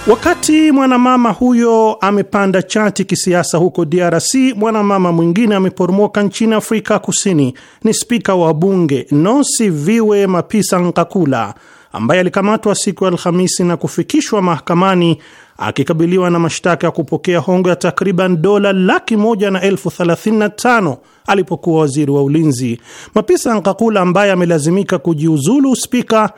Wakati mwanamama huyo amepanda chati kisiasa huko DRC, mwanamama mwingine ameporomoka nchini Afrika Kusini. Ni spika wa bunge nosi viwe Mapisa Nkakula ambaye alikamatwa siku ya Alhamisi na kufikishwa mahakamani akikabiliwa na mashtaka ya kupokea hongo ya takriban dola laki moja na elfu thelathini na tano alipokuwa waziri wa ulinzi. Mapisa Nkakula ambaye amelazimika kujiuzulu spika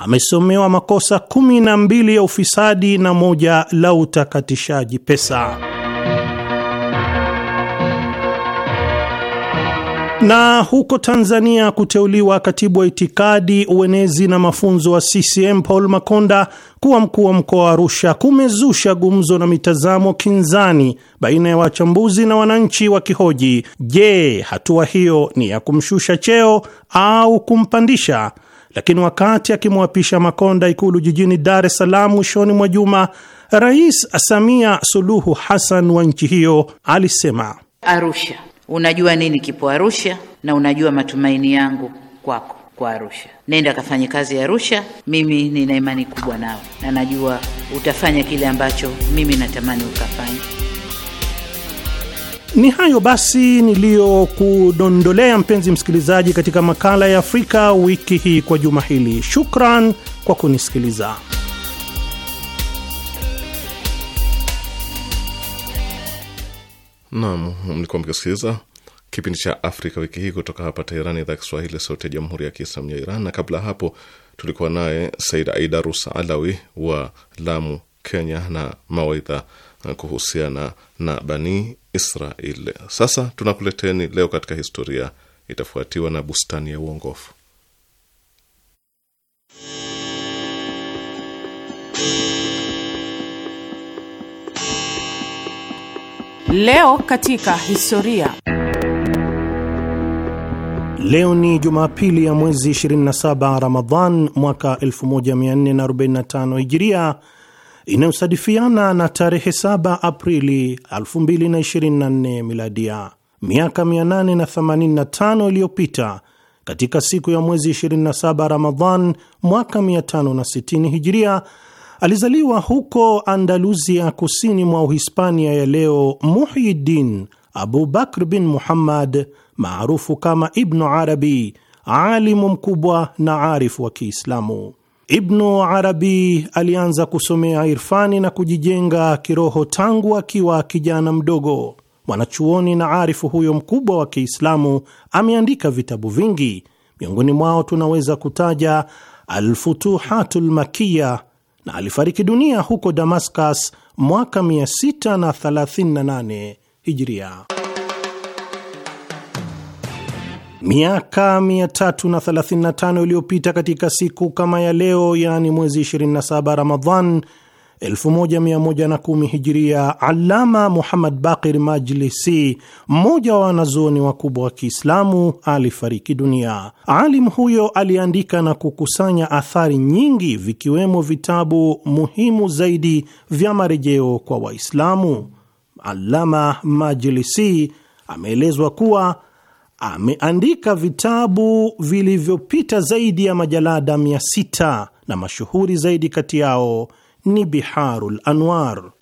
amesomewa makosa kumi na mbili ya ufisadi na moja la utakatishaji pesa. Na huko Tanzania, kuteuliwa katibu wa itikadi, uenezi na mafunzo wa CCM Paul Makonda kuwa mkuu wa mkoa wa Arusha kumezusha gumzo na mitazamo kinzani baina ya wachambuzi na wananchi wakihoji, je, hatua hiyo ni ya kumshusha cheo au kumpandisha? Lakini wakati akimwapisha Makonda Ikulu jijini Dar es Salaam mwishoni mwa juma, Rais Samia Suluhu Hassan wa nchi hiyo alisema, Arusha, unajua nini kipo Arusha na unajua matumaini yangu kwako kwa Arusha. Nenda kafanye kazi Arusha, mimi nina imani kubwa nawe na najua utafanya kile ambacho mimi natamani ukafanye. Ni hayo basi niliyokudondolea mpenzi msikilizaji, katika makala ya Afrika wiki hii kwa juma hili. Shukran kwa kunisikiliza. Naam, mlikuwa mkisikiliza kipindi cha Afrika wiki hii kutoka hapa Teherani, idhaa Kiswahili, sauti ya jamhuri ya kiislamu ya Iran. Na kabla hapo tulikuwa naye Said Aidarus Alawi wa Lamu, Kenya, na mawaidha kuhusiana na, na Bani Israel. Sasa tunakuleteni leo katika historia, itafuatiwa na bustani ya uongofu. Leo katika historia. Leo ni Jumapili ya mwezi 27 Ramadhan mwaka 1445 Hijiria, inayosadifiana na tarehe 7 Aprili 2024 miladia. Miaka 885 iliyopita katika siku ya mwezi 27 Ramadhan mwaka 560 Hijria alizaliwa huko Andalusia, kusini mwa Uhispania ya leo, Muhyiddin Abu Bakr bin Muhammad maarufu kama Ibnu Arabi, alimu mkubwa na arifu wa Kiislamu. Ibnu Arabi alianza kusomea irfani na kujijenga kiroho tangu akiwa kijana mdogo. Mwanachuoni na arifu huyo mkubwa wa Kiislamu ameandika vitabu vingi, miongoni mwao tunaweza kutaja Alfutuhatu lmakiya, na alifariki dunia huko Damascus mwaka 638 Hijria miaka 335 iliyopita katika siku kama ya leo, yaani mwezi 27 Ramadhan 1110 hijria Alama Muhammad Baqir Majlisi, mmoja wa wanazuoni wakubwa wa Kiislamu, alifariki dunia. Alim huyo aliandika na kukusanya athari nyingi, vikiwemo vitabu muhimu zaidi vya marejeo kwa Waislamu. Alama Majlisi ameelezwa kuwa ameandika vitabu vilivyopita zaidi ya majalada mia sita na mashuhuri zaidi kati yao ni Biharul Anwar.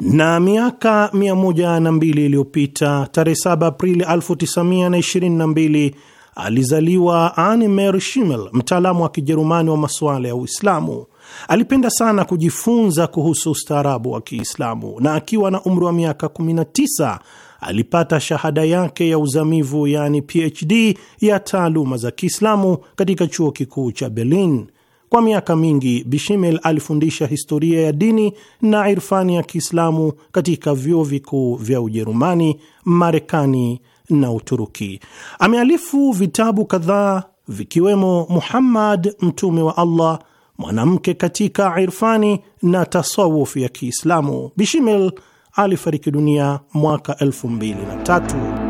Na miaka 102 iliyopita, tarehe 7 Aprili 1922 alizaliwa Anne Mer Schimmel, mtaalamu wa Kijerumani wa masuala ya Uislamu. Alipenda sana kujifunza kuhusu ustaarabu wa Kiislamu na akiwa na umri wa miaka 19 alipata shahada yake ya uzamivu yani PhD ya taaluma za Kiislamu katika chuo kikuu cha Berlin. Kwa miaka mingi Bishimel alifundisha historia ya dini na irfani ya Kiislamu katika vyuo vikuu vya Ujerumani, Marekani na Uturuki. Amealifu vitabu kadhaa vikiwemo Muhammad mtume wa Allah mwanamke katika irfani na tasawuf ya Kiislamu. Bishimel alifariki dunia mwaka 2003.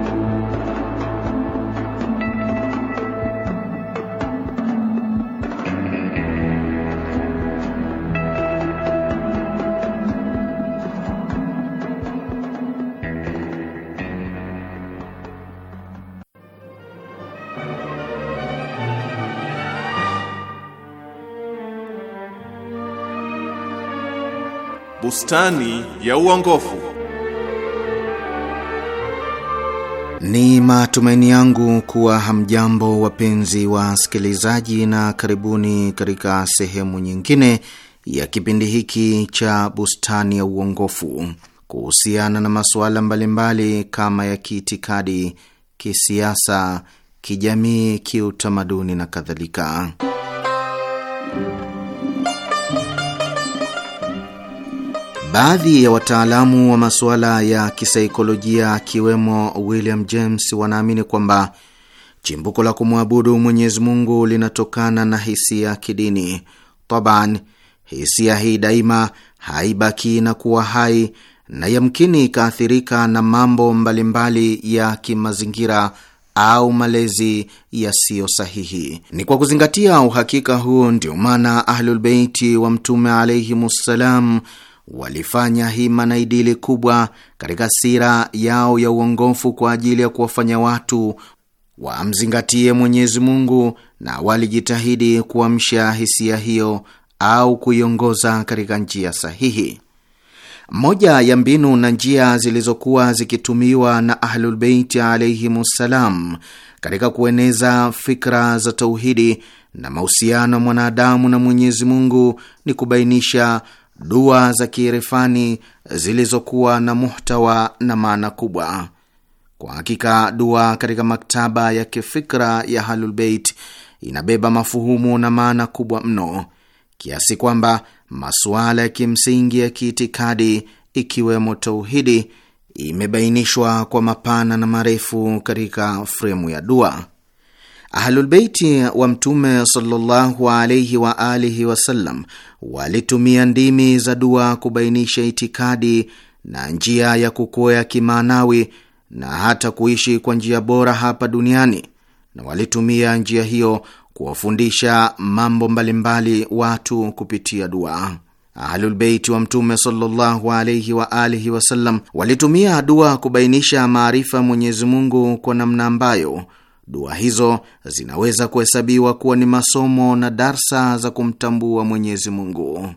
Bustani ya uongofu. Ni matumaini yangu kuwa hamjambo wapenzi wa sikilizaji, na karibuni katika sehemu nyingine ya kipindi hiki cha Bustani ya Uongofu kuhusiana na masuala mbalimbali kama ya kiitikadi, kisiasa, kijamii, kiutamaduni na kadhalika. Baadhi ya wataalamu wa masuala ya kisaikolojia akiwemo William James wanaamini kwamba chimbuko la kumwabudu Mwenyezi Mungu linatokana na hisia kidini. Taban, hisia hii daima haibaki na kuwa hai na yamkini ikaathirika na mambo mbalimbali ya kimazingira au malezi yasiyo sahihi. Ni kwa kuzingatia uhakika huo ndio maana Ahlulbeiti wa Mtume alaihimussalam walifanya hima na idili kubwa katika sira yao ya uongofu kwa ajili ya kuwafanya watu wamzingatie Mwenyezi Mungu, na walijitahidi kuamsha hisia hiyo au kuiongoza katika njia sahihi. Moja ya mbinu na njia zilizokuwa zikitumiwa na Ahlulbeiti alaihimussalam katika kueneza fikra za tauhidi na mahusiano ya mwanadamu na Mwenyezi Mungu ni kubainisha dua za kiirifani zilizokuwa na muhtawa na maana kubwa. Kwa hakika dua katika maktaba ya kifikra ya Halulbeit inabeba mafuhumu na maana kubwa mno kiasi kwamba masuala ya kimsingi ya kiitikadi ikiwemo tauhidi imebainishwa kwa mapana na marefu katika fremu ya dua. Ahlulbeiti wa Mtume sallallahu alaihi wa alihi wasallam walitumia ndimi za dua kubainisha itikadi na njia ya kukoya kimaanawi na hata kuishi kwa njia bora hapa duniani, na walitumia njia hiyo kuwafundisha mambo mbalimbali watu kupitia dua. Ahlulbeiti wa Mtume sallallahu alaihi wa alihi wasallam walitumia dua kubainisha maarifa ya Mwenyezi Mungu kwa namna ambayo Dua hizo zinaweza kuhesabiwa kuwa ni masomo na darsa za kumtambua Mwenyezi Mungu.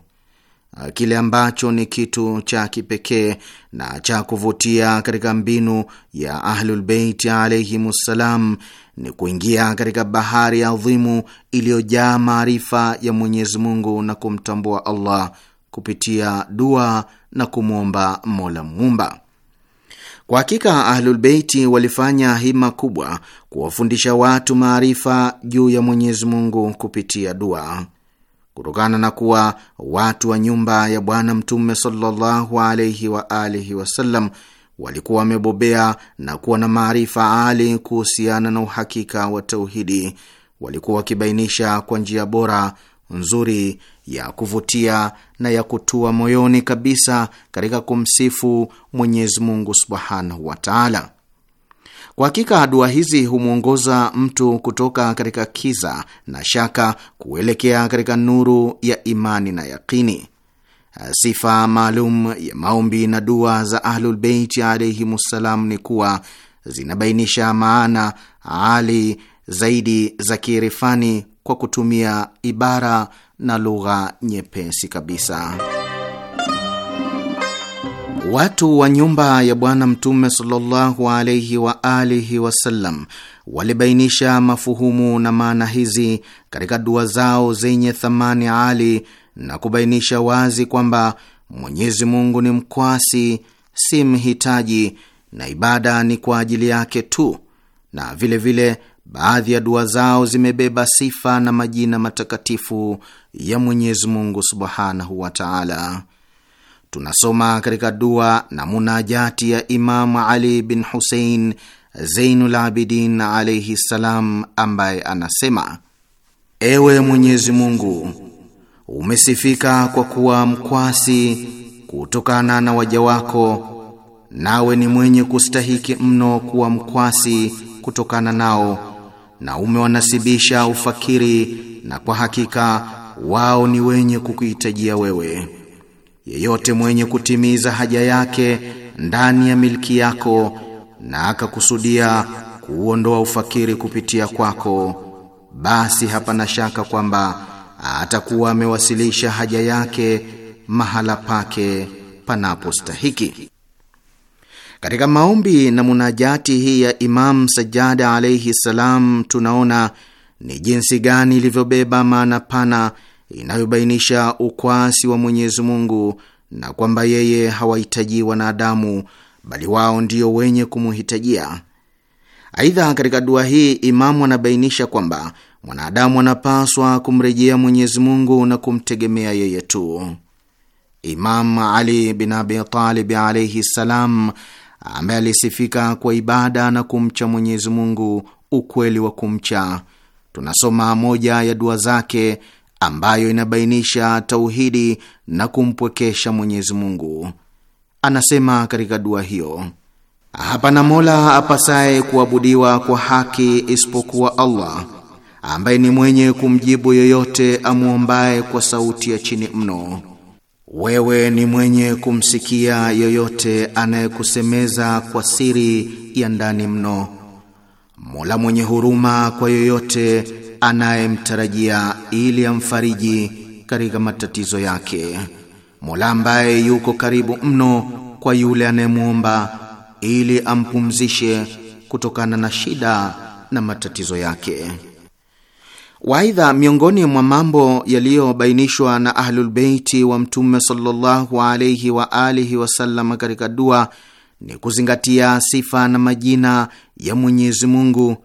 Kile ambacho ni kitu cha kipekee na cha kuvutia katika mbinu ya Ahlulbeiti alaihimussalam ni kuingia katika bahari adhimu iliyojaa maarifa ya Mwenyezi Mungu na kumtambua Allah kupitia dua na kumwomba Mola Muumba. Kwa hakika Ahlulbeiti walifanya hima kubwa kuwafundisha watu maarifa juu ya Mwenyezi Mungu kupitia dua. Kutokana na kuwa watu wa nyumba ya Bwana Mtume sallallahu alaihi wa alihi wasallam walikuwa wamebobea na kuwa na maarifa ali kuhusiana na uhakika wa tauhidi, walikuwa wakibainisha kwa njia bora nzuri ya kuvutia na ya kutua moyoni kabisa katika kumsifu Mwenyezi Mungu subhanahu wa taala. Kwa hakika dua hizi humwongoza mtu kutoka katika kiza na shaka kuelekea katika nuru ya imani na yaqini. Sifa maalum ya maombi na dua za Ahlulbeiti alaihimussalam ni kuwa zinabainisha maana ali zaidi za kiirifani kwa kutumia ibara na lugha nyepesi kabisa. Watu wa nyumba ya Bwana Mtume sallallahu alaihi wa alihi wasallam walibainisha mafuhumu na maana hizi katika dua zao zenye thamani ali na kubainisha wazi kwamba Mwenyezi Mungu ni mkwasi, si mhitaji, na ibada ni kwa ajili yake tu, na vilevile vile, baadhi ya dua zao zimebeba sifa na majina matakatifu ya Mwenyezi Mungu subhanahu wa taala. Tunasoma katika dua na munajati ya Imamu Ali bin Husein Zeinul Abidin alaihi ssalam, ambaye anasema: ewe Mwenyezi Mungu, umesifika kwa kuwa mkwasi kutokana na waja wako, nawe ni mwenye kustahiki mno kuwa mkwasi kutokana nao na umewanasibisha ufakiri na kwa hakika wao ni wenye kukuhitajia wewe. Yeyote mwenye kutimiza haja yake ndani ya milki yako na akakusudia kuondoa ufakiri kupitia kwako, basi hapana shaka kwamba atakuwa amewasilisha haja yake mahala pake panapostahiki. Katika maombi na munajati hii ya Imam Sajada alaihi salam tunaona ni jinsi gani ilivyobeba maana pana inayobainisha ukwasi wa Mwenyezi Mungu na kwamba yeye hawahitaji wanadamu bali wao ndio wenye kumuhitajia. Aidha, katika dua hii Imamu anabainisha kwamba mwanadamu anapaswa kumrejea Mwenyezi Mungu na kumtegemea yeye tu. Imam Ali bin Abi Talib alaihi salam ambaye alisifika kwa ibada na kumcha Mwenyezi Mungu ukweli wa kumcha. Tunasoma moja ya dua zake ambayo inabainisha tauhidi na kumpwekesha Mwenyezi Mungu. Anasema katika dua hiyo, hapana mola apasaye kuabudiwa kwa haki isipokuwa Allah ambaye ni mwenye kumjibu yoyote amwombaye kwa sauti ya chini mno wewe ni mwenye kumsikia yoyote anayekusemeza kwa siri ya ndani mno, Mola mwenye huruma kwa yoyote anayemtarajia ili amfariji katika matatizo yake, Mola ambaye yuko karibu mno kwa yule anayemwomba ili ampumzishe kutokana na shida na matatizo yake. Waidha, miongoni mwa mambo yaliyobainishwa na Ahlulbeiti wa Mtume sallallahu alaihi wa alihi wasallam katika dua ni kuzingatia sifa na majina ya Mwenyezi Mungu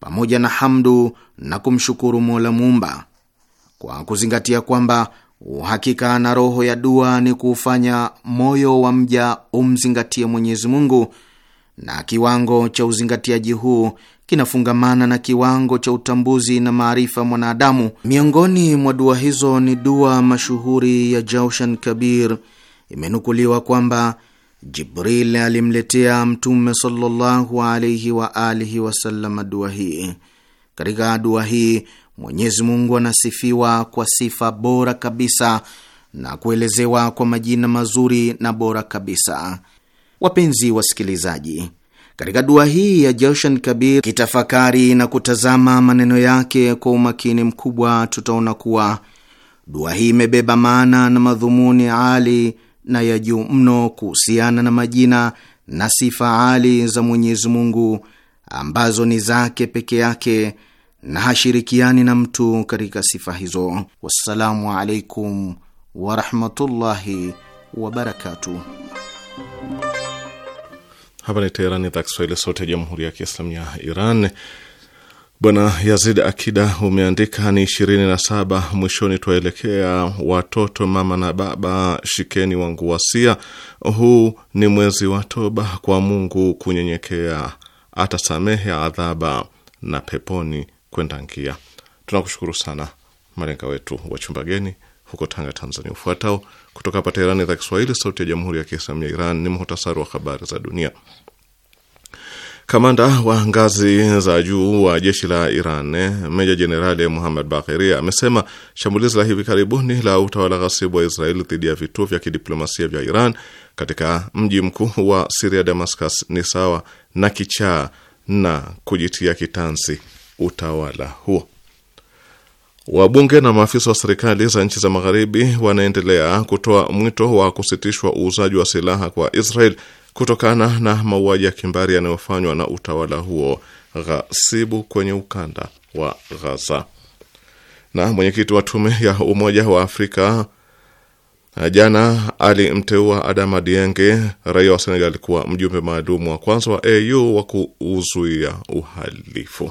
pamoja na hamdu na kumshukuru Mola Muumba, kwa kuzingatia kwamba uhakika na roho ya dua ni kuufanya moyo wa mja umzingatie Mwenyezi Mungu, na kiwango cha uzingatiaji huu kinafungamana na kiwango cha utambuzi na maarifa ya mwanadamu. Miongoni mwa dua hizo ni dua mashuhuri ya Jaushan Kabir. Imenukuliwa kwamba Jibril alimletea Mtume sallallahu alaihi wa alihi wasallam dua hii. Katika dua hii Mwenyezi Mungu anasifiwa kwa sifa bora kabisa na kuelezewa kwa majina mazuri na bora kabisa. Wapenzi wasikilizaji katika dua hii ya Joshan Kabir, kitafakari na kutazama maneno yake kwa umakini mkubwa, tutaona kuwa dua hii imebeba maana na madhumuni ali na ya juu mno kuhusiana na majina na sifa ali za Mwenyezi Mungu ambazo ni zake peke yake na hashirikiani na mtu katika sifa hizo. Wassalamu alaikum warahmatullahi wabarakatuh. Hapa ni Teherani, idhaa Kiswahili, sauti ya jamhuri ya kiislamu ya Iran. Bwana Yazid Akida umeandika ni ishirini na saba mwishoni, twaelekea watoto, mama na baba, shikeni wangu wasia. Huu ni mwezi wa toba kwa Mungu kunyenyekea, atasamehe adhaba na peponi kwenda ngia. Tunakushukuru sana malenga wetu wachumba geni huko Tanga, Tanzania. Ufuatao kutoka hapa Teherani, za Kiswahili, Sauti ya Jamhuri ya Kiislamia Iran, ni muhtasari wa habari za dunia. Kamanda wa ngazi za juu wa jeshi la Iran eh, meja jenerali Muhammad Bagheri amesema shambulizi la hivi karibuni la utawala ghasibu wa Israeli dhidi ya vituo vya kidiplomasia vya Iran katika mji mkuu wa Siria, Damascus, ni sawa na kichaa na kujitia kitanzi utawala huo. Wabunge na maafisa wa serikali za nchi za magharibi wanaendelea kutoa mwito wa kusitishwa uuzaji wa silaha kwa Israel kutokana na mauaji ya kimbari yanayofanywa na utawala huo ghasibu kwenye ukanda wa Gaza. Na mwenyekiti wa tume ya Umoja wa Afrika eh, jana alimteua Adama Dienge, raia wa Senegal, kuwa mjumbe maalum wa kwanza wa AU wa kuuzuia uhalifu